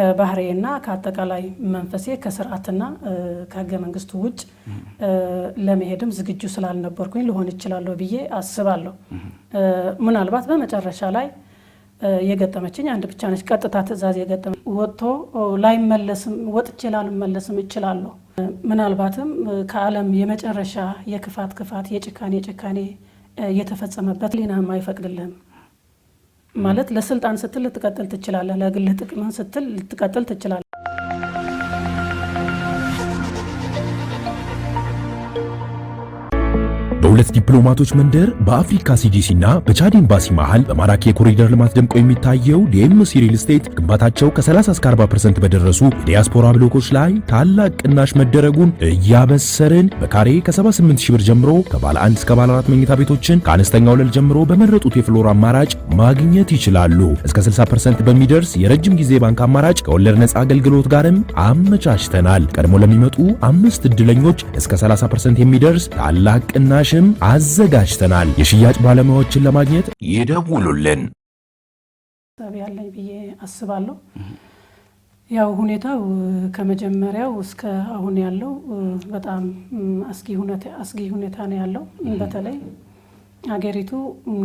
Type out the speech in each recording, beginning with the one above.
ከባህሬና ከአጠቃላይ መንፈሴ ከስርዓትና ከህገ መንግስቱ ውጭ ለመሄድም ዝግጁ ስላልነበርኩኝ ልሆን ይችላለሁ ብዬ አስባለሁ። ምናልባት በመጨረሻ ላይ የገጠመችኝ አንድ ብቻ ነች። ቀጥታ ትዕዛዝ የገጠመ ወጥቶ ላይመለስም ወጥቼ ላልመለስም እችላለሁ። ምናልባትም ከዓለም የመጨረሻ የክፋት ክፋት የጭካኔ ጭካኔ የተፈጸመበት ሊና አይፈቅድልህም ማለት ለስልጣን ስትል ልትቀጥል ትችላለህ፣ ለግልህ ጥቅምን ስትል ልትቀጥል ትችላለህ። ሁለት ዲፕሎማቶች መንደር በአፍሪካ ሲጂሲና በቻድ ኤምባሲ መሃል በማራኪ የኮሪደር ልማት ደምቆ የሚታየው ዲኤምሲ ሪል ስቴት ግንባታቸው ከ30 እስከ 40% በደረሱ የዲያስፖራ ብሎኮች ላይ ታላቅ ቅናሽ መደረጉን እያበሰርን በካሬ ከ 78 ብር ጀምሮ ከባለ አንድ እስከ ባለ አራት መኝታ ቤቶችን ከአነስተኛ ወለል ጀምሮ በመረጡት የፍሎር አማራጭ ማግኘት ይችላሉ። እስከ 60% በሚደርስ የረጅም ጊዜ ባንክ አማራጭ ከወለድ ነፃ አገልግሎት ጋርም አመቻችተናል። ቀድሞ ለሚመጡ አምስት እድለኞች እስከ 30% የሚደርስ ታላቅ ቅናሽም አዘጋጅተናል። የሽያጭ ባለሙያዎችን ለማግኘት ይደውሉልን። ያለኝ ብዬ አስባለሁ። ያው ሁኔታው ከመጀመሪያው እስከ አሁን ያለው በጣም አስጊ ሁኔታ ነው ያለው። በተለይ ሀገሪቱ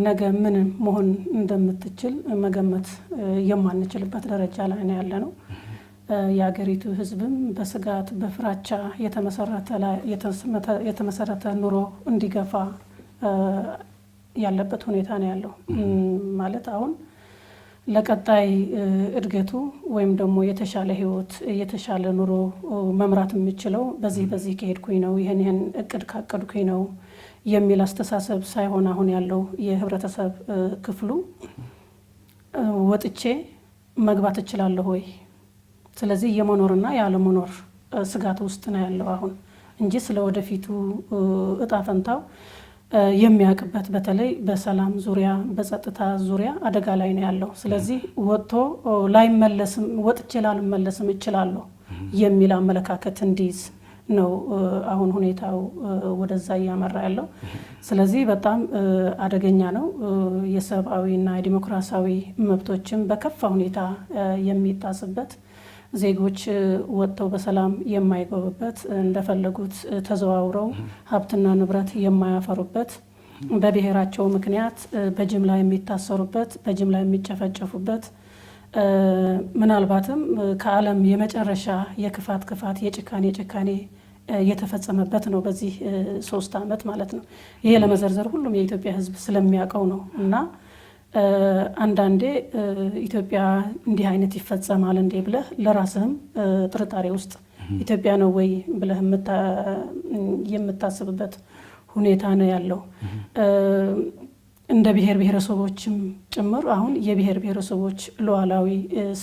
ነገ ምን መሆን እንደምትችል መገመት የማንችልበት ደረጃ ላይ ነው ያለ ነው። የሀገሪቱ ህዝብም በስጋት በፍራቻ የተመሰረተ ኑሮ እንዲገፋ ያለበት ሁኔታ ነው ያለው። ማለት አሁን ለቀጣይ እድገቱ ወይም ደግሞ የተሻለ ህይወት የተሻለ ኑሮ መምራት የምችለው በዚህ በዚህ ከሄድኩኝ ነው፣ ይህን ይህን እቅድ ካቀድኩኝ ነው የሚል አስተሳሰብ ሳይሆን አሁን ያለው የህብረተሰብ ክፍሉ ወጥቼ መግባት እችላለሁ ወይ ስለዚህ የመኖርና ያለመኖር ስጋት ውስጥ ነው ያለው አሁን እንጂ ስለ ወደፊቱ እጣ ፈንታው የሚያውቅበት በተለይ በሰላም ዙሪያ በጸጥታ ዙሪያ አደጋ ላይ ነው ያለው። ስለዚህ ወጥቶ ላይመለስም ወጥቼ ላልመለስም እችላለሁ የሚል አመለካከት እንዲይዝ ነው አሁን ሁኔታው ወደዛ እያመራ ያለው። ስለዚህ በጣም አደገኛ ነው። የሰብአዊና የዲሞክራሲያዊ መብቶችን በከፋ ሁኔታ የሚጣስበት ዜጎች ወጥተው በሰላም የማይገቡበት እንደፈለጉት ተዘዋውረው ሀብትና ንብረት የማያፈሩበት በብሔራቸው ምክንያት በጅምላ የሚታሰሩበት በጅምላ የሚጨፈጨፉበት ምናልባትም ከዓለም የመጨረሻ የክፋት ክፋት የጭካኔ ጭካኔ የተፈጸመበት ነው። በዚህ ሶስት ዓመት ማለት ነው። ይሄ ለመዘርዘር ሁሉም የኢትዮጵያ ሕዝብ ስለሚያውቀው ነው እና አንዳንዴ ኢትዮጵያ እንዲህ አይነት ይፈጸማል እንዴ ብለህ ለራስህም ጥርጣሬ ውስጥ ኢትዮጵያ ነው ወይ ብለህ የምታስብበት ሁኔታ ነው ያለው። እንደ ብሔር ብሔረሰቦችም ጭምር አሁን የብሔር ብሔረሰቦች ሉዓላዊ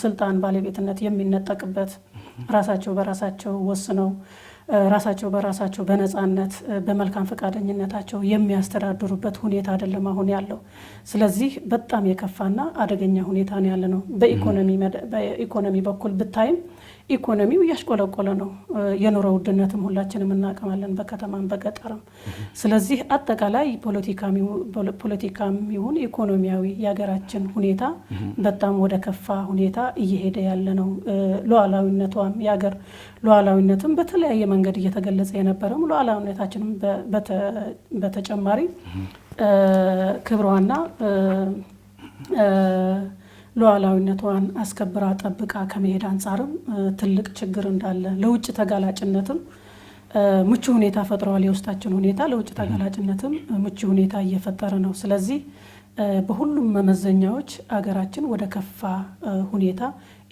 ስልጣን ባለቤትነት የሚነጠቅበት ራሳቸው በራሳቸው ወስነው ራሳቸው በራሳቸው በነፃነት በመልካም ፈቃደኝነታቸው የሚያስተዳድሩበት ሁኔታ አይደለም አሁን ያለው። ስለዚህ በጣም የከፋና አደገኛ ሁኔታ ነው ያለ ነው። በኢኮኖሚ በኩል ብታይም ኢኮኖሚው እያሽቆለቆለ ነው። የኑሮ ውድነትም ሁላችንም እናቀማለን በከተማም በገጠርም። ስለዚህ አጠቃላይ ፖለቲካም ይሁን ኢኮኖሚያዊ የሀገራችን ሁኔታ በጣም ወደ ከፋ ሁኔታ እየሄደ ያለ ነው። ሉዓላዊነቷም የሀገር ሉዓላዊነትም በተለያየ መንገድ እየተገለጸ የነበረም ሉዓላዊነታችንም በተጨማሪ ክብሯና ሉዓላዊነቷን አስከብራ ጠብቃ ከመሄድ አንጻርም ትልቅ ችግር እንዳለ ለውጭ ተጋላጭነትም ምቹ ሁኔታ ፈጥረዋል። የውስጣችን ሁኔታ ለውጭ ተጋላጭነትም ምቹ ሁኔታ እየፈጠረ ነው። ስለዚህ በሁሉም መመዘኛዎች አገራችን ወደ ከፋ ሁኔታ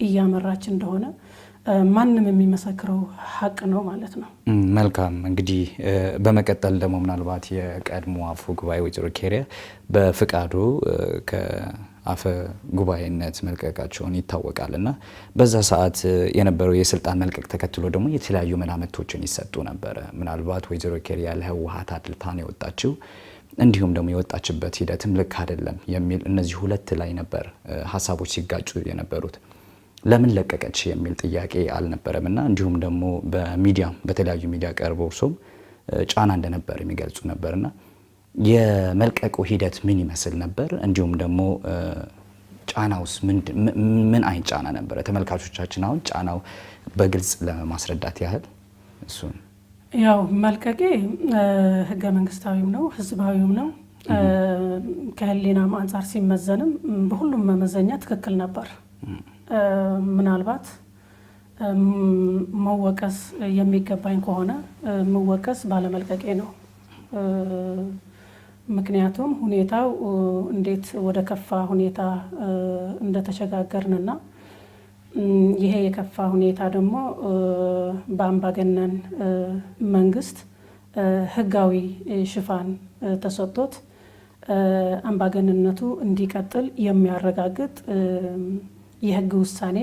እያመራች እንደሆነ ማንም የሚመሰክረው ሀቅ ነው ማለት ነው። መልካም እንግዲህ በመቀጠል ደግሞ ምናልባት የቀድሞ አፈ ጉባኤ ወይዘሮ ኬሪያ በፍቃዱ አፈ ጉባኤነት መልቀቃቸውን ይታወቃል። እና በዛ ሰዓት የነበረው የስልጣን መልቀቅ ተከትሎ ደግሞ የተለያዩ መላምቶችን ይሰጡ ነበረ። ምናልባት ወይዘሮ ኬሪያ ለህወሀት አድልታ ነው የወጣችው እንዲሁም ደግሞ የወጣችበት ሂደትም ልክ አይደለም የሚል እነዚህ ሁለት ላይ ነበር ሀሳቦች ሲጋጩ የነበሩት። ለምን ለቀቀች የሚል ጥያቄ አልነበረም እና እንዲሁም ደግሞ በሚዲያም በተለያዩ ሚዲያ ቀርቦ እርሶም ጫና እንደነበር የሚገልጹ ነበርና የመልቀቁ ሂደት ምን ይመስል ነበር? እንዲሁም ደግሞ ጫናውስ ምን አይነት ጫና ነበረ? ተመልካቾቻችን አሁን ጫናው በግልጽ ለማስረዳት ያህል እሱን ያው መልቀቄ ህገ መንግስታዊም ነው ህዝባዊም ነው። ከህሊናም አንጻር ሲመዘንም በሁሉም መመዘኛ ትክክል ነበር። ምናልባት መወቀስ የሚገባኝ ከሆነ መወቀስ ባለመልቀቄ ነው። ምክንያቱም ሁኔታው እንዴት ወደ ከፋ ሁኔታ እንደተሸጋገርንና ይሄ የከፋ ሁኔታ ደግሞ በአምባገነን መንግስት ህጋዊ ሽፋን ተሰጥቶት አምባገንነቱ እንዲቀጥል የሚያረጋግጥ የህግ ውሳኔ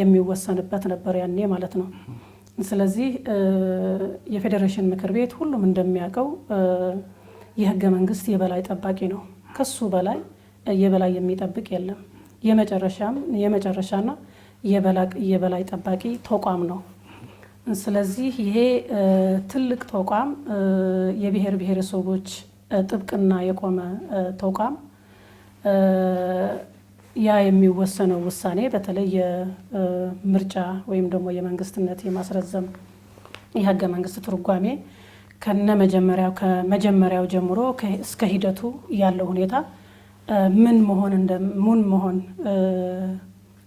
የሚወሰንበት ነበር ያኔ ማለት ነው። ስለዚህ የፌዴሬሽን ምክር ቤት ሁሉም እንደሚያውቀው የህገ መንግስት የበላይ ጠባቂ ነው። ከሱ በላይ የበላይ የሚጠብቅ የለም። የመጨረሻም የመጨረሻና የበላይ ጠባቂ ተቋም ነው። ስለዚህ ይሄ ትልቅ ተቋም የብሔር ብሔረሰቦች ጥብቅና የቆመ ተቋም ያ የሚወሰነው ውሳኔ በተለይ የምርጫ ወይም ደግሞ የመንግስትነት የማስረዘም የህገ መንግስት ትርጓሜ ከነ መጀመሪያው ከመጀመሪያው ጀምሮ እስከ ሂደቱ ያለው ሁኔታ ምን መሆን ምን መሆን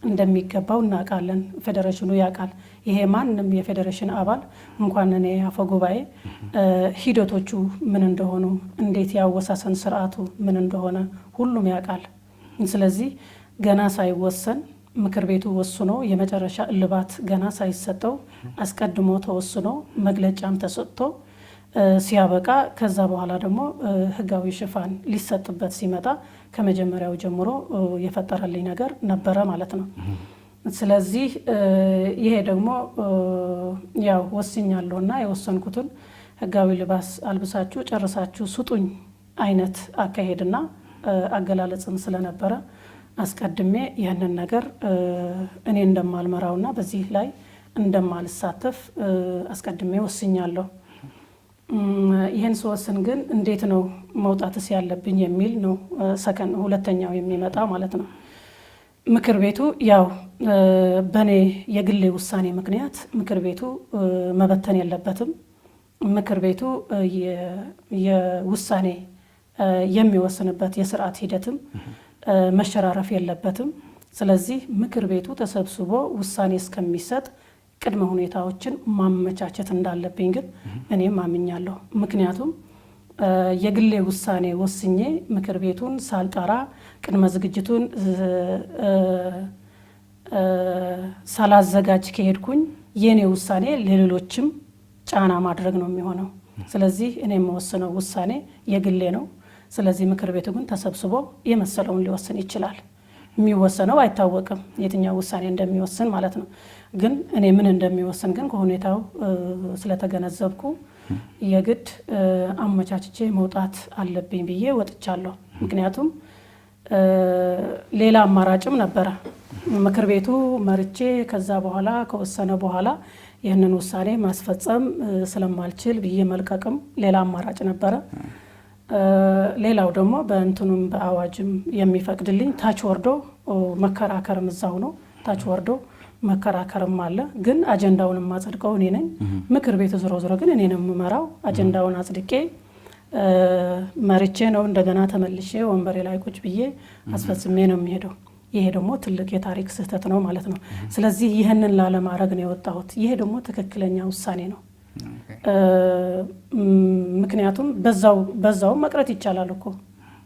እንደሚገባው እናውቃለን። ፌዴሬሽኑ ያውቃል። ይሄ ማንም የፌዴሬሽን አባል እንኳን እኔ አፈ ጉባኤ ሂደቶቹ ምን እንደሆኑ፣ እንዴት ያወሳሰን ስርዓቱ ምን እንደሆነ ሁሉም ያውቃል። ስለዚህ ገና ሳይወሰን ምክር ቤቱ ወስኖ የመጨረሻ እልባት ገና ሳይሰጠው አስቀድሞ ተወስኖ መግለጫም ተሰጥቶ ሲያበቃ ከዛ በኋላ ደግሞ ህጋዊ ሽፋን ሊሰጥበት ሲመጣ ከመጀመሪያው ጀምሮ የፈጠረልኝ ነገር ነበረ ማለት ነው። ስለዚህ ይሄ ደግሞ ያው ወስኛለሁ እና የወሰንኩትን ህጋዊ ልባስ አልብሳችሁ ጨርሳችሁ ስጡኝ አይነት አካሄድና አገላለጽም ስለነበረ አስቀድሜ ያንን ነገር እኔ እንደማልመራውና በዚህ ላይ እንደማልሳተፍ አስቀድሜ ወስኛለሁ። ይህን ስወስን ግን እንዴት ነው መውጣትስ ያለብኝ የሚል ነው ሰከን ሁለተኛው የሚመጣ ማለት ነው። ምክር ቤቱ ያው በእኔ የግሌ ውሳኔ ምክንያት ምክር ቤቱ መበተን የለበትም። ምክር ቤቱ የውሳኔ የሚወስንበት የስርዓት ሂደትም መሸራረፍ የለበትም። ስለዚህ ምክር ቤቱ ተሰብስቦ ውሳኔ እስከሚሰጥ ቅድመ ሁኔታዎችን ማመቻቸት እንዳለብኝ ግን እኔም አምኛለሁ። ምክንያቱም የግሌ ውሳኔ ወስኜ ምክር ቤቱን ሳልጠራ ቅድመ ዝግጅቱን ሳላዘጋጅ ከሄድኩኝ የእኔ ውሳኔ ለሌሎችም ጫና ማድረግ ነው የሚሆነው። ስለዚህ እኔ የምወስነው ውሳኔ የግሌ ነው። ስለዚህ ምክር ቤቱ ግን ተሰብስቦ የመሰለውን ሊወስን ይችላል። የሚወሰነው አይታወቅም፣ የትኛው ውሳኔ እንደሚወስን ማለት ነው። ግን እኔ ምን እንደሚወስን ግን ከሁኔታው ስለተገነዘብኩ የግድ አመቻችቼ መውጣት አለብኝ ብዬ ወጥቻለሁ። ምክንያቱም ሌላ አማራጭም ነበረ። ምክር ቤቱ መርቼ ከዛ በኋላ ከወሰነ በኋላ ይህንን ውሳኔ ማስፈጸም ስለማልችል ብዬ መልቀቅም ሌላ አማራጭ ነበረ። ሌላው ደግሞ በእንትኑም በአዋጅም የሚፈቅድልኝ ታች ወርዶ መከራከርም እዛው ነው ታች ወርዶ መከራከርም አለ። ግን አጀንዳውን የማጸድቀው እኔ ነኝ። ምክር ቤቱ ዞሮ ዞሮ ግን እኔ ነው የምመራው። አጀንዳውን አጽድቄ መርቼ ነው እንደገና ተመልሼ ወንበሬ ላይ ቁጭ ብዬ አስፈጽሜ ነው የሚሄደው። ይሄ ደግሞ ትልቅ የታሪክ ስህተት ነው ማለት ነው። ስለዚህ ይህንን ላለማድረግ ነው የወጣሁት። ይሄ ደግሞ ትክክለኛ ውሳኔ ነው። ምክንያቱም በዛው መቅረት ይቻላል እኮ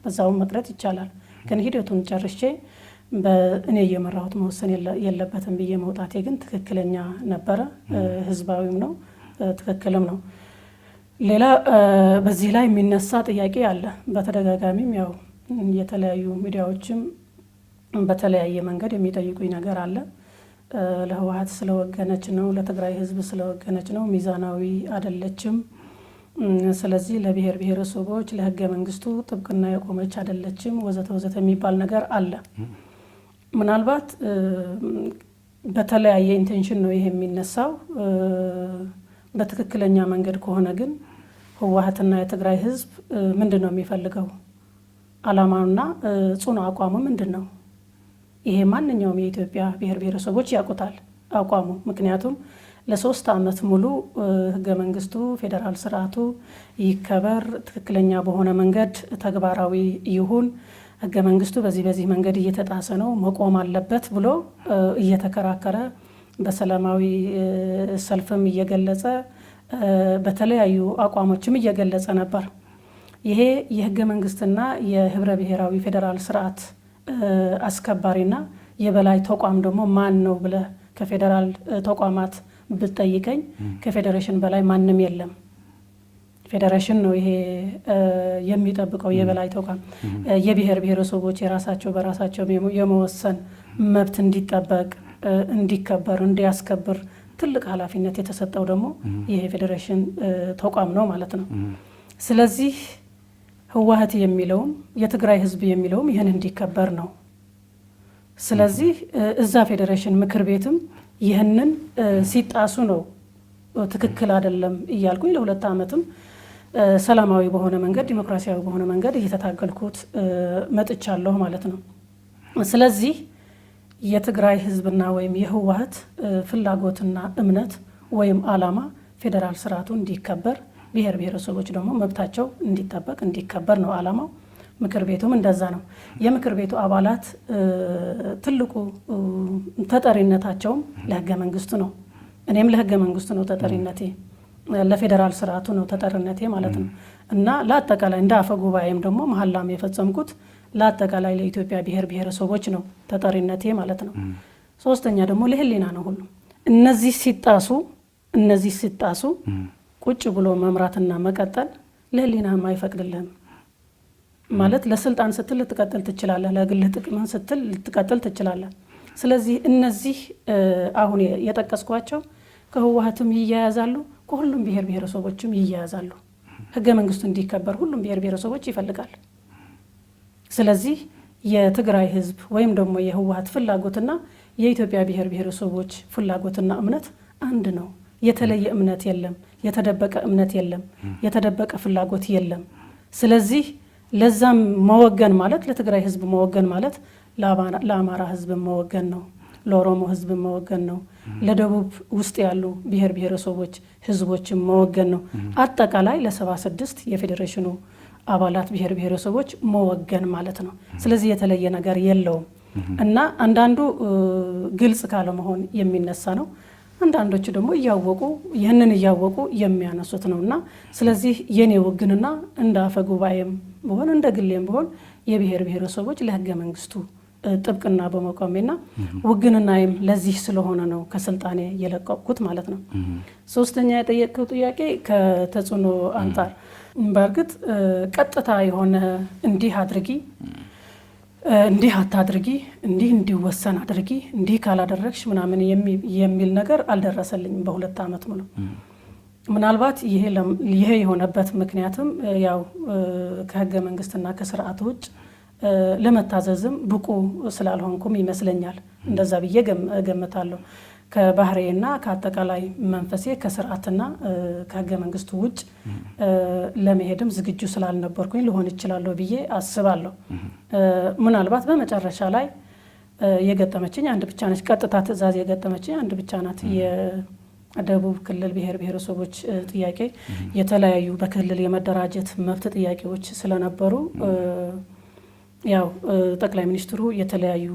በዛውም መቅረት ይቻላል። ግን ሂደቱን ጨርሼ እኔ እየመራሁት መወሰን የለበትም ብዬ መውጣቴ ግን ትክክለኛ ነበረ። ህዝባዊም ነው ትክክልም ነው። ሌላ በዚህ ላይ የሚነሳ ጥያቄ አለ። በተደጋጋሚም ያው የተለያዩ ሚዲያዎችም በተለያየ መንገድ የሚጠይቁኝ ነገር አለ። ለህወሀት ስለወገነች ነው፣ ለትግራይ ህዝብ ስለወገነች ነው። ሚዛናዊ አይደለችም። ስለዚህ ለብሔር ብሔረሰቦች ለህገ መንግስቱ ጥብቅና የቆመች አይደለችም፣ ወዘተ ወዘተ የሚባል ነገር አለ። ምናልባት በተለያየ ኢንቴንሽን ነው ይሄ የሚነሳው። በትክክለኛ መንገድ ከሆነ ግን ህወሀትና የትግራይ ህዝብ ምንድን ነው የሚፈልገው? አላማውና ጽኑ አቋሙ ምንድን ነው? ይሄ ማንኛውም የኢትዮጵያ ብሔር ብሔረሰቦች ያውቁታል አቋሙ። ምክንያቱም ለሶስት ዓመት ሙሉ ህገ መንግስቱ ፌዴራል ስርዓቱ ይከበር፣ ትክክለኛ በሆነ መንገድ ተግባራዊ ይሁን፣ ህገ መንግስቱ በዚህ በዚህ መንገድ እየተጣሰ ነው መቆም አለበት ብሎ እየተከራከረ በሰላማዊ ሰልፍም እየገለጸ በተለያዩ አቋሞችም እየገለጸ ነበር። ይሄ የህገ መንግስትና የህብረ ብሔራዊ ፌዴራል ስርዓት አስከባሪና የበላይ ተቋም ደግሞ ማን ነው ብለህ ከፌዴራል ተቋማት ብትጠይቀኝ ከፌዴሬሽን በላይ ማንም የለም። ፌዴሬሽን ነው ይሄ የሚጠብቀው የበላይ ተቋም። የብሔር ብሔረሰቦች የራሳቸው በራሳቸው የመወሰን መብት እንዲጠበቅ፣ እንዲከበር፣ እንዲያስከብር ትልቅ ኃላፊነት የተሰጠው ደግሞ ይሄ ፌዴሬሽን ተቋም ነው ማለት ነው። ስለዚህ ህወሀት የሚለውም የትግራይ ህዝብ የሚለውም ይህን እንዲከበር ነው። ስለዚህ እዛ ፌዴሬሽን ምክር ቤትም ይህንን ሲጣሱ ነው ትክክል አይደለም እያልኩኝ ለሁለት ዓመትም ሰላማዊ በሆነ መንገድ ዲሞክራሲያዊ በሆነ መንገድ እየተታገልኩት መጥቻለሁ ማለት ነው። ስለዚህ የትግራይ ህዝብና ወይም የህወሀት ፍላጎትና እምነት ወይም አላማ ፌዴራል ስርዓቱ እንዲከበር ብሔር ብሔረሰቦች ደግሞ መብታቸው እንዲጠበቅ እንዲከበር ነው አላማው ምክር ቤቱም እንደዛ ነው። የምክር ቤቱ አባላት ትልቁ ተጠሪነታቸውም ለህገ መንግስቱ ነው። እኔም ለህገ መንግስቱ ነው ተጠሪነቴ፣ ለፌዴራል ስርዓቱ ነው ተጠሪነቴ ማለት ነው እና ለአጠቃላይ እንደ አፈ ጉባኤም ደግሞ መሀላም የፈጸምኩት ለአጠቃላይ ለኢትዮጵያ ብሔር ብሔረሰቦች ነው ተጠሪነቴ ማለት ነው። ሶስተኛ ደግሞ ለህሊና ነው ሁሉ እነዚህ ሲጣሱ እነዚህ ሲጣሱ ቁጭ ብሎ መምራትና መቀጠል ለህሊናህም አይፈቅድልህም። ማለት ለስልጣን ስትል ልትቀጥል ትችላለህ፣ ለግል ጥቅምን ስትል ልትቀጥል ትችላለህ። ስለዚህ እነዚህ አሁን የጠቀስኳቸው ከህወሀትም ይያያዛሉ፣ ከሁሉም ብሔር ብሔረሰቦችም ይያያዛሉ። ህገ መንግስቱ እንዲከበር ሁሉም ብሔር ብሔረሰቦች ይፈልጋል። ስለዚህ የትግራይ ህዝብ ወይም ደግሞ የህወሀት ፍላጎትና የኢትዮጵያ ብሔር ብሔረሰቦች ፍላጎትና እምነት አንድ ነው። የተለየ እምነት የለም። የተደበቀ እምነት የለም፣ የተደበቀ ፍላጎት የለም። ስለዚህ ለዛም መወገን ማለት ለትግራይ ህዝብ መወገን ማለት ለአማራ ህዝብ መወገን ነው፣ ለኦሮሞ ህዝብ መወገን ነው፣ ለደቡብ ውስጥ ያሉ ብሔር ብሔረሰቦች ህዝቦችን መወገን ነው። አጠቃላይ ለሰባ ስድስት የፌዴሬሽኑ አባላት ብሔር ብሔረሰቦች መወገን ማለት ነው። ስለዚህ የተለየ ነገር የለውም እና አንዳንዱ ግልጽ ካለመሆን የሚነሳ ነው። አንዳንዶቹ ደግሞ እያወቁ ይህንን እያወቁ የሚያነሱት ነው እና ስለዚህ የኔ ውግንና እንደ አፈ ጉባኤም ብሆን እንደ ግሌም ብሆን የብሔር ብሔረሰቦች ለህገ መንግስቱ ጥብቅና በመቆሜና ውግንናይም ለዚህ ስለሆነ ነው ከስልጣኔ የለቀቅኩት ማለት ነው። ሶስተኛ የጠየቅከው ጥያቄ ከተጽዕኖ አንጻር በእርግጥ ቀጥታ የሆነ እንዲህ አድርጊ እንዲህ አታድርጊ፣ እንዲህ እንዲወሰን አድርጊ፣ እንዲህ ካላደረግሽ ምናምን የሚል ነገር አልደረሰልኝም። በሁለት ዓመት ሙሉ ምናልባት ይሄ የሆነበት ምክንያትም ያው ከህገ መንግስትና ከስርዓት ውጭ ለመታዘዝም ብቁ ስላልሆንኩም ይመስለኛል። እንደዛ ብዬ ገምታለሁ። ከባህሬና ከአጠቃላይ መንፈሴ ከስርዓትና ከህገ መንግስቱ ውጭ ለመሄድም ዝግጁ ስላልነበርኩኝ ልሆን ይችላለሁ ብዬ አስባለሁ። ምናልባት በመጨረሻ ላይ የገጠመችኝ አንድ ብቻ ነች። ቀጥታ ትእዛዝ የገጠመችኝ አንድ ብቻ ናት። የደቡብ ክልል ብሔር ብሔረሰቦች ጥያቄ የተለያዩ በክልል የመደራጀት መብት ጥያቄዎች ስለነበሩ ያው ጠቅላይ ሚኒስትሩ የተለያዩ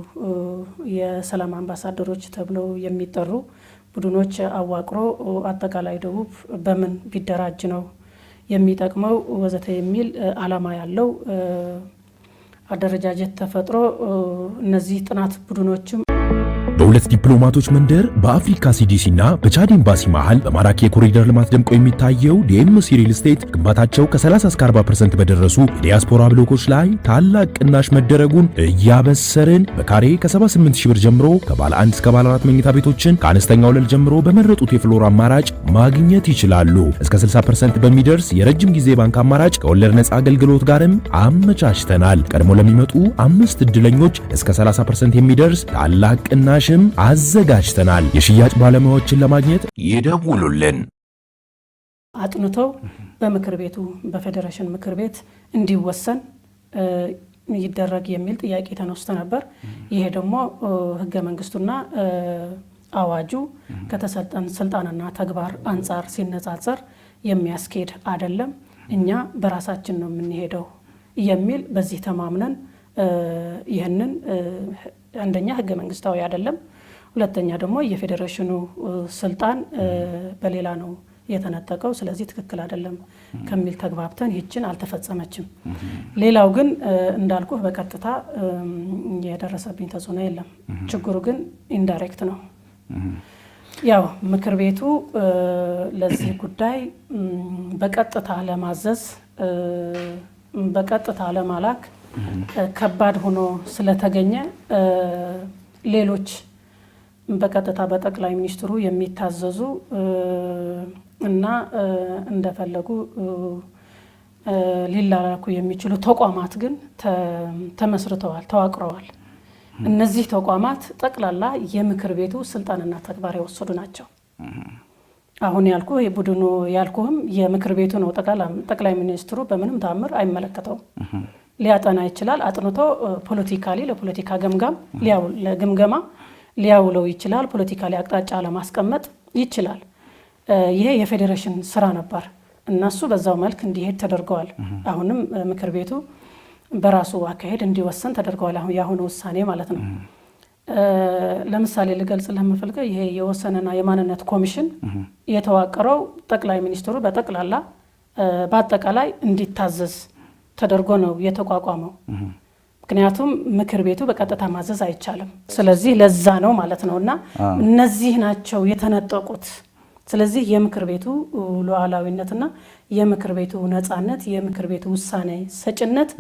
የሰላም አምባሳደሮች ተብለው የሚጠሩ ቡድኖች አዋቅሮ አጠቃላይ ደቡብ በምን ቢደራጅ ነው የሚጠቅመው ወዘተ የሚል ዓላማ ያለው አደረጃጀት ተፈጥሮ እነዚህ ጥናት ቡድኖችም በሁለት ዲፕሎማቶች መንደር በአፍሪካ ሲዲሲና በቻድ ኤምባሲ መሃል በማራኪ የኮሪደር ልማት ደምቆ የሚታየው ዲኤምሲ ሪል ስቴት ግንባታቸው ከ30 እስከ 40% በደረሱ የዲያስፖራ ብሎኮች ላይ ታላቅ ቅናሽ መደረጉን እያበሰርን በካሬ ከ 78 ብር ጀምሮ ከባለ አንድ እስከ ባለ አራት መኝታ ቤቶችን ከአነስተኛ ወለል ጀምሮ በመረጡት የፍሎር አማራጭ ማግኘት ይችላሉ። እስከ 60% በሚደርስ የረጅም ጊዜ ባንክ አማራጭ ከወለድ ነፃ አገልግሎት ጋርም አመቻችተናል። ቀድሞ ለሚመጡ አምስት እድለኞች እስከ 30% የሚደርስ ታላቅ ቅናሽ ምላሽም አዘጋጅተናል። የሽያጭ ባለሙያዎችን ለማግኘት ይደውሉልን። አጥንቶ በምክር ቤቱ በፌዴሬሽን ምክር ቤት እንዲወሰን ይደረግ የሚል ጥያቄ ተነስቶ ነበር። ይሄ ደግሞ ህገ መንግስቱና አዋጁ ከተሰጠን ስልጣንና ተግባር አንጻር ሲነጻጸር የሚያስኬድ አይደለም፣ እኛ በራሳችን ነው የምንሄደው የሚል በዚህ ተማምነን ይህንን አንደኛ ህገ መንግስታዊ አይደለም፣ ሁለተኛ ደግሞ የፌዴሬሽኑ ስልጣን በሌላ ነው የተነጠቀው ስለዚህ ትክክል አይደለም ከሚል ተግባብተን ይችን አልተፈጸመችም። ሌላው ግን እንዳልኩህ በቀጥታ የደረሰብኝ ተጽዕኖ የለም። ችግሩ ግን ኢንዳይሬክት ነው። ያው ምክር ቤቱ ለዚህ ጉዳይ በቀጥታ ለማዘዝ በቀጥታ ለማላክ ከባድ ሆኖ ስለተገኘ ሌሎች በቀጥታ በጠቅላይ ሚኒስትሩ የሚታዘዙ እና እንደፈለጉ ሊላላኩ የሚችሉ ተቋማት ግን ተመስርተዋል፣ ተዋቅረዋል። እነዚህ ተቋማት ጠቅላላ የምክር ቤቱ ስልጣንና ተግባር የወሰዱ ናቸው። አሁን ያልኩ ቡድኑ ያልኩህም የምክር ቤቱ ነው። ጠቅላይ ሚኒስትሩ በምንም ታምር አይመለከተውም። ሊያጠና ይችላል። አጥንቶ ፖለቲካሊ ለፖለቲካ ገምጋም ለግምገማ ሊያውለው ይችላል። ፖለቲካሊ አቅጣጫ ለማስቀመጥ ይችላል። ይሄ የፌዴሬሽን ስራ ነበር። እነሱ በዛው መልክ እንዲሄድ ተደርገዋል። አሁንም ምክር ቤቱ በራሱ አካሄድ እንዲወሰን ተደርገዋል። አሁን የአሁኑ ውሳኔ ማለት ነው። ለምሳሌ ልገልጽ ለምፈልገው ይሄ የወሰንና የማንነት ኮሚሽን የተዋቀረው ጠቅላይ ሚኒስትሩ በጠቅላላ በአጠቃላይ እንዲታዘዝ ተደርጎ ነው የተቋቋመው። ምክንያቱም ምክር ቤቱ በቀጥታ ማዘዝ አይቻልም። ስለዚህ ለዛ ነው ማለት ነው እና እነዚህ ናቸው የተነጠቁት። ስለዚህ የምክር ቤቱ ሉዓላዊነትና የምክር ቤቱ ነፃነት፣ የምክር ቤቱ ውሳኔ ሰጭነት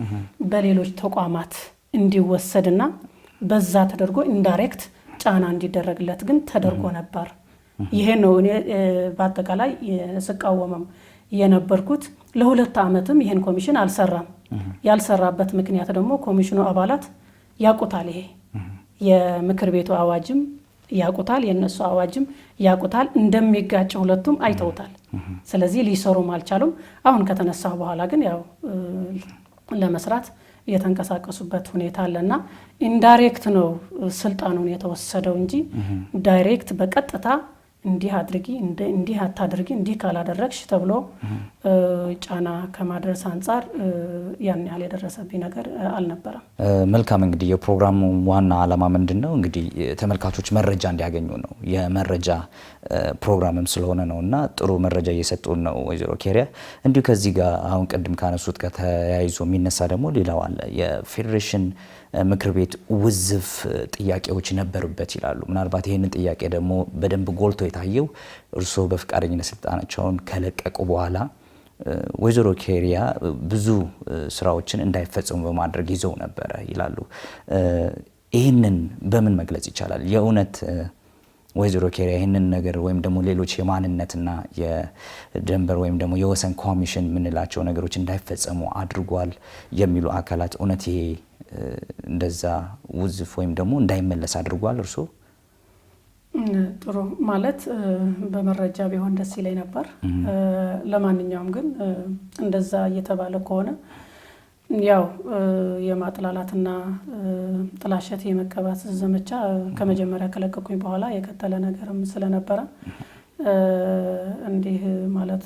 በሌሎች ተቋማት እንዲወሰድና በዛ ተደርጎ ኢንዳይሬክት ጫና እንዲደረግለት ግን ተደርጎ ነበር። ይሄ ነው እኔ በአጠቃላይ ስቃወመም የነበርኩት። ለሁለት ዓመትም ይህን ኮሚሽን አልሰራም። ያልሰራበት ምክንያት ደግሞ ኮሚሽኑ አባላት ያቁታል። ይሄ የምክር ቤቱ አዋጅም ያቁታል፣ የእነሱ አዋጅም ያቁታል። እንደሚጋጭ ሁለቱም አይተውታል። ስለዚህ ሊሰሩም አልቻሉም። አሁን ከተነሳ በኋላ ግን ያው ለመስራት የተንቀሳቀሱበት ሁኔታ አለና ኢንዳይሬክት ነው ስልጣኑን የተወሰደው እንጂ ዳይሬክት በቀጥታ እንዲህ አድርጊ፣ እንዲህ አታድርጊ፣ እንዲህ ካላደረግሽ ተብሎ ጫና ከማድረስ አንጻር ያን ያህል የደረሰብኝ ነገር አልነበረም። መልካም እንግዲህ የፕሮግራሙ ዋና ዓላማ ምንድን ነው? እንግዲህ ተመልካቾች መረጃ እንዲያገኙ ነው። የመረጃ ፕሮግራምም ስለሆነ ነው እና ጥሩ መረጃ እየሰጡን ነው ወይዘሮ ኬሪያ። እንዲሁ ከዚህ ጋር አሁን ቅድም ካነሱት ጋር ተያይዞ የሚነሳ ደግሞ ሌላው አለ። የፌዴሬሽን ምክር ቤት ውዝፍ ጥያቄዎች ነበሩበት ይላሉ። ምናልባት ይህንን ጥያቄ ደግሞ በደንብ ጎልቶ የታየው እርስዎ በፈቃደኝነት ስልጣናቸውን ከለቀቁ በኋላ ወይዘሮ ኬሪያ ብዙ ስራዎችን እንዳይፈጸሙ በማድረግ ይዘው ነበረ ይላሉ። ይህንን በምን መግለጽ ይቻላል? የእውነት ወይዘሮ ኬሪያ ይህንን ነገር ወይም ደግሞ ሌሎች የማንነትና የድንበር ወይም ደግሞ የወሰን ኮሚሽን የምንላቸው ነገሮች እንዳይፈጸሙ አድርጓል የሚሉ አካላት እውነት ይሄ እንደዛ ውዝፍ ወይም ደግሞ እንዳይመለስ አድርጓል እርሶ ጥሩ ማለት በመረጃ ቢሆን ደስ ይለኝ ነበር። ለማንኛውም ግን እንደዛ እየተባለ ከሆነ ያው የማጥላላትና ጥላሸት የመቀባት ዘመቻ ከመጀመሪያ ከለቀቁኝ በኋላ የቀጠለ ነገርም ስለነበረ እንዲህ ማለት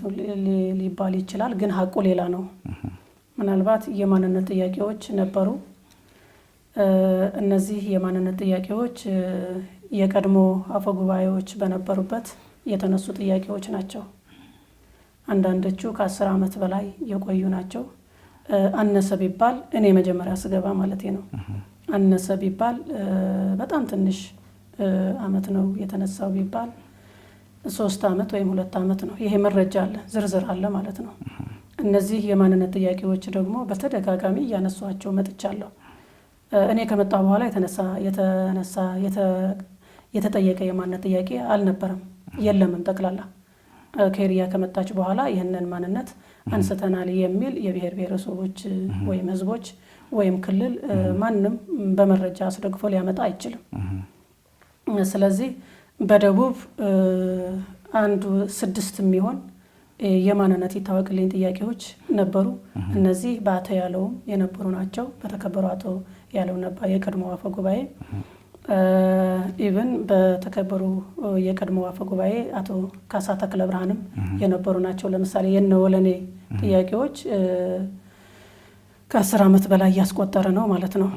ሊባል ይችላል። ግን ሀቁ ሌላ ነው። ምናልባት የማንነት ጥያቄዎች ነበሩ። እነዚህ የማንነት ጥያቄዎች የቀድሞ አፈ ጉባኤዎች በነበሩበት የተነሱ ጥያቄዎች ናቸው። አንዳንዶቹ ከአስር ዓመት በላይ የቆዩ ናቸው። አነሰ ቢባል እኔ መጀመሪያ ስገባ ማለት ነው። አነሰ ቢባል በጣም ትንሽ አመት ነው የተነሳው ቢባል ሶስት አመት ወይም ሁለት አመት ነው። ይሄ መረጃ አለ፣ ዝርዝር አለ ማለት ነው። እነዚህ የማንነት ጥያቄዎች ደግሞ በተደጋጋሚ እያነሷቸው መጥቻለሁ። እኔ ከመጣ በኋላ የተነሳ የተጠየቀ የማንነት ጥያቄ አልነበረም፣ የለምም ጠቅላላ ከሪያ ከመጣች በኋላ ይህንን ማንነት አንስተናል የሚል የብሔር ብሔረሰቦች ወይም ህዝቦች ወይም ክልል ማንም በመረጃ አስደግፎ ሊያመጣ አይችልም። ስለዚህ በደቡብ አንዱ ስድስት የሚሆን የማንነት ይታወቅልኝ ጥያቄዎች ነበሩ። እነዚህ በአቶ ያለውም የነበሩ ናቸው። በተከበሩ አቶ ያለው ነባ የቀድሞ አፈ ጉባኤ ኢቨን በተከበሩ የቀድሞ አፈ ጉባኤ አቶ ካሳ ተክለ ብርሃንም የነበሩ ናቸው። ለምሳሌ የነ ወለኔ ጥያቄዎች ከአስር ዓመት በላይ እያስቆጠረ ነው ማለት ነው።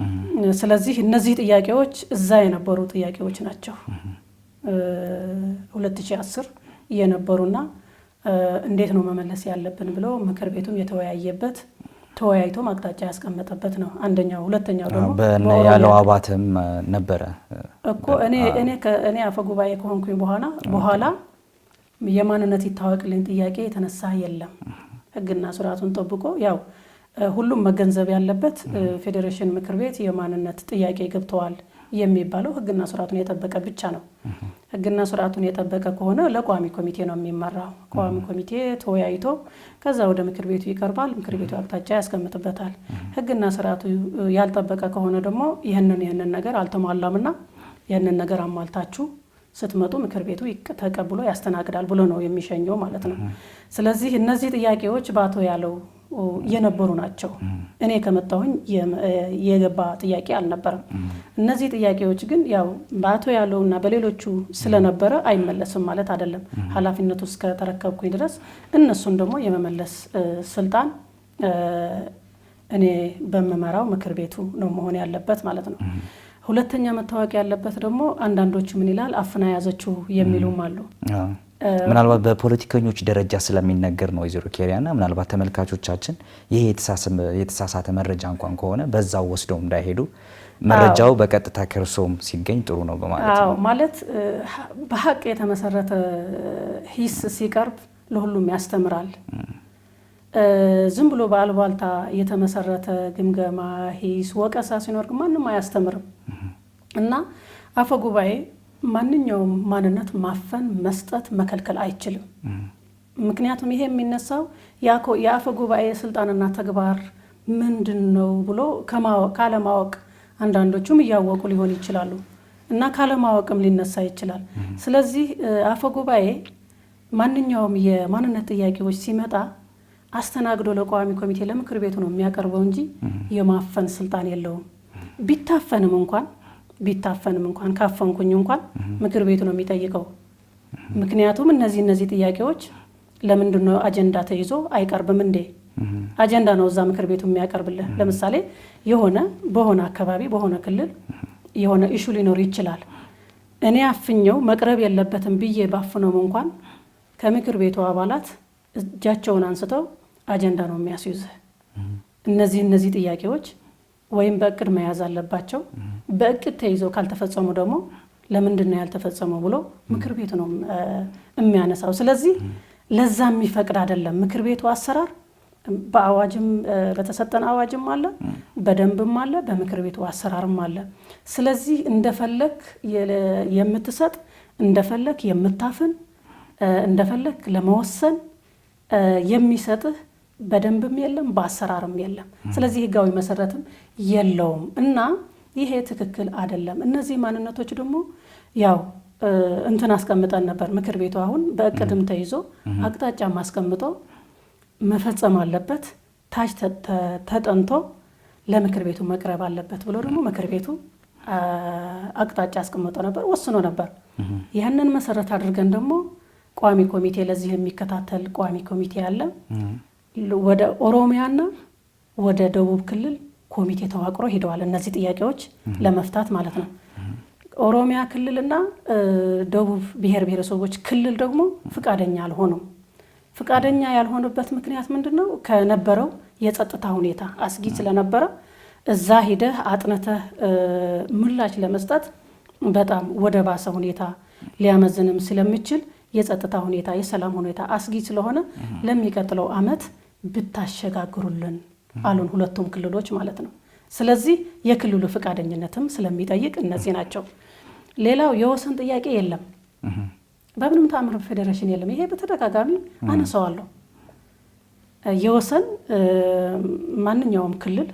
ስለዚህ እነዚህ ጥያቄዎች እዛ የነበሩ ጥያቄዎች ናቸው። 2010 የነበሩና እንዴት ነው መመለስ ያለብን ብሎ ምክር ቤቱም የተወያየበት ተወያይቶ ማቅጣጫ ያስቀመጠበት ነው አንደኛው። ሁለተኛው ደግሞ ያለው አባትም ነበረ እኮ እኔ አፈ ጉባኤ ከሆንኩኝ በኋላ በኋላ የማንነት ይታወቅልኝ ጥያቄ የተነሳ የለም። ህግና ስርዓቱን ጠብቆ ያው ሁሉም መገንዘብ ያለበት ፌዴሬሽን ምክር ቤት የማንነት ጥያቄ ገብተዋል። የሚባለው ህግና ስርዓቱን የጠበቀ ብቻ ነው። ህግና ስርዓቱን የጠበቀ ከሆነ ለቋሚ ኮሚቴ ነው የሚመራው። ቋሚ ኮሚቴ ተወያይቶ ከዛ ወደ ምክር ቤቱ ይቀርባል። ምክር ቤቱ አቅጣጫ ያስቀምጥበታል። ህግና ስርዓቱ ያልጠበቀ ከሆነ ደግሞ ይህንን ይህንን ነገር አልተሟላምና ይህንን ነገር አሟልታችሁ ስትመጡ ምክር ቤቱ ተቀብሎ ያስተናግዳል ብሎ ነው የሚሸኘው ማለት ነው። ስለዚህ እነዚህ ጥያቄዎች በአቶ ያለው የነበሩ ናቸው። እኔ ከመጣሁኝ የገባ ጥያቄ አልነበረም። እነዚህ ጥያቄዎች ግን ያው በአቶ ያለው እና በሌሎቹ ስለነበረ አይመለስም ማለት አይደለም። ኃላፊነቱ እስከተረከብኩኝ ድረስ እነሱን ደግሞ የመመለስ ስልጣን እኔ በምመራው ምክር ቤቱ ነው መሆን ያለበት ማለት ነው። ሁለተኛ መታወቅ ያለበት ደግሞ አንዳንዶቹ ምን ይላል አፍና የያዘችው የሚሉም አሉ። ምናልባት በፖለቲከኞች ደረጃ ስለሚነገር ነው ወይዘሮ ና ምናልባት ተመልካቾቻችን ይህ የተሳሳተ መረጃ እንኳን ከሆነ በዛው ወስደው እንዳይሄዱ መረጃው በቀጥታ ከእርሶም ሲገኝ ጥሩ ነው በማለት ነው። ማለት በሀቅ የተመሰረተ ሂስ ሲቀርብ ለሁሉም ያስተምራል። ዝም ብሎ በአልባልታ የተመሰረተ ግምገማ፣ ሂስ፣ ወቀሳ ሲኖር ግን ማንም አያስተምርም እና አፈ ጉባኤ ማንኛውም ማንነት ማፈን፣ መስጠት፣ መከልከል አይችልም። ምክንያቱም ይሄ የሚነሳው የአፈ ጉባኤ ስልጣንና ተግባር ምንድን ነው ብሎ ካለማወቅ አንዳንዶቹም እያወቁ ሊሆን ይችላሉ እና ካለማወቅም ሊነሳ ይችላል። ስለዚህ አፈ ጉባኤ ማንኛውም የማንነት ጥያቄዎች ሲመጣ አስተናግዶ ለቋሚ ኮሚቴ ለምክር ቤቱ ነው የሚያቀርበው እንጂ የማፈን ስልጣን የለውም። ቢታፈንም እንኳን ቢታፈንም እንኳን ካፈንኩኝ እንኳን ምክር ቤቱ ነው የሚጠይቀው። ምክንያቱም እነዚህ እነዚህ ጥያቄዎች ለምንድን ነው አጀንዳ ተይዞ አይቀርብም እንዴ? አጀንዳ ነው እዛ ምክር ቤቱ የሚያቀርብልህ። ለምሳሌ የሆነ በሆነ አካባቢ በሆነ ክልል የሆነ ኢሹ ሊኖር ይችላል። እኔ አፍኘው መቅረብ የለበትም ብዬ ባፍነውም እንኳን ከምክር ቤቱ አባላት እጃቸውን አንስተው አጀንዳ ነው የሚያስይዝህ። እነዚህ እነዚህ ጥያቄዎች ወይም በእቅድ መያዝ አለባቸው። በእቅድ ተይዘው ካልተፈጸሙ ደግሞ ለምንድን ነው ያልተፈጸመው ብሎ ምክር ቤት ነው የሚያነሳው። ስለዚህ ለዛ የሚፈቅድ አይደለም ምክር ቤቱ አሰራር። በአዋጅም በተሰጠን አዋጅም አለ፣ በደንብም አለ፣ በምክር ቤቱ አሰራርም አለ። ስለዚህ እንደፈለክ የምትሰጥ እንደፈለክ የምታፍን እንደፈለክ ለመወሰን የሚሰጥህ በደንብም የለም በአሰራርም የለም። ስለዚህ ህጋዊ መሰረትም የለውም እና ይሄ ትክክል አይደለም። እነዚህ ማንነቶች ደግሞ ያው እንትን አስቀምጠን ነበር ምክር ቤቱ አሁን በእቅድም ተይዞ አቅጣጫም አስቀምጦ መፈጸም አለበት ታች ተጠንቶ ለምክር ቤቱ መቅረብ አለበት ብሎ ደግሞ ምክር ቤቱ አቅጣጫ አስቀምጦ ነበር ወስኖ ነበር። ያንን መሰረት አድርገን ደግሞ ቋሚ ኮሚቴ ለዚህ የሚከታተል ቋሚ ኮሚቴ አለ። ወደ ኦሮሚያና ወደ ደቡብ ክልል ኮሚቴ ተዋቅሮ ሄደዋል። እነዚህ ጥያቄዎች ለመፍታት ማለት ነው። ኦሮሚያ ክልልና ደቡብ ብሔር ብሔረሰቦች ክልል ደግሞ ፍቃደኛ አልሆኑም። ፍቃደኛ ያልሆኑበት ምክንያት ምንድን ነው? ከነበረው የጸጥታ ሁኔታ አስጊ ስለነበረ እዛ ሂደህ አጥንተህ ምላሽ ለመስጠት በጣም ወደ ባሰ ሁኔታ ሊያመዝንም ስለሚችል የጸጥታ ሁኔታ የሰላም ሁኔታ አስጊ ስለሆነ ለሚቀጥለው ዓመት ብታሸጋግሩልን አሉን፣ ሁለቱም ክልሎች ማለት ነው። ስለዚህ የክልሉ ፈቃደኝነትም ስለሚጠይቅ እነዚህ ናቸው። ሌላው የወሰን ጥያቄ የለም፣ በምንም ተአምር ፌዴሬሽን የለም። ይሄ በተደጋጋሚ አነሳዋለሁ። የወሰን ማንኛውም ክልል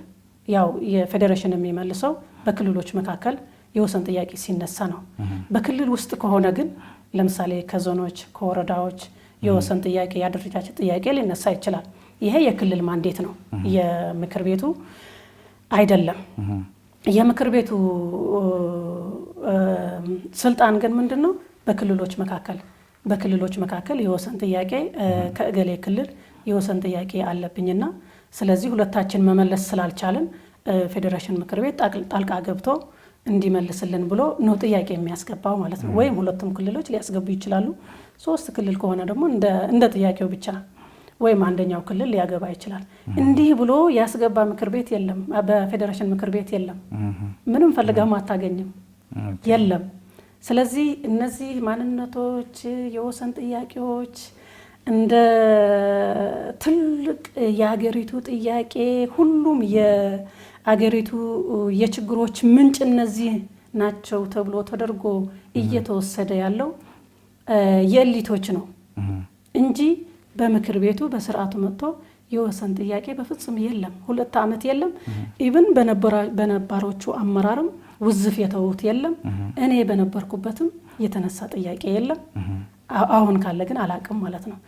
ያው የፌዴሬሽን የሚመልሰው በክልሎች መካከል የወሰን ጥያቄ ሲነሳ ነው። በክልል ውስጥ ከሆነ ግን ለምሳሌ ከዞኖች፣ ከወረዳዎች የወሰን ጥያቄ የአደረጃጀት ጥያቄ ሊነሳ ይችላል። ይሄ የክልል ማንዴት ነው፣ የምክር ቤቱ አይደለም። የምክር ቤቱ ስልጣን ግን ምንድን ነው? በክልሎች መካከል በክልሎች መካከል የወሰን ጥያቄ ከእገሌ ክልል የወሰን ጥያቄ አለብኝና ስለዚህ ሁለታችን መመለስ ስላልቻልን ፌዴሬሽን ምክር ቤት ጣልቃ ገብቶ እንዲመልስልን ብሎ ነው ጥያቄ የሚያስገባው ማለት ነው። ወይም ሁለቱም ክልሎች ሊያስገቡ ይችላሉ። ሶስት ክልል ከሆነ ደግሞ እንደ ጥያቄው ብቻ ወይም አንደኛው ክልል ሊያገባ ይችላል። እንዲህ ብሎ ያስገባ ምክር ቤት የለም፣ በፌዴሬሽን ምክር ቤት የለም። ምንም ፈልገህም አታገኝም፣ የለም። ስለዚህ እነዚህ ማንነቶች፣ የወሰን ጥያቄዎች እንደ ትልቅ የሀገሪቱ ጥያቄ ሁሉም የአገሪቱ የችግሮች ምንጭ እነዚህ ናቸው ተብሎ ተደርጎ እየተወሰደ ያለው የእሊቶች ነው እንጂ በምክር ቤቱ በስርዓቱ መጥቶ የወሰን ጥያቄ በፍጹም የለም። ሁለት ዓመት የለም። ኢብን በነባሮቹ አመራርም ውዝፍ የተውት የለም። እኔ በነበርኩበትም የተነሳ ጥያቄ የለም። አሁን ካለ ግን አላቅም ማለት ነው።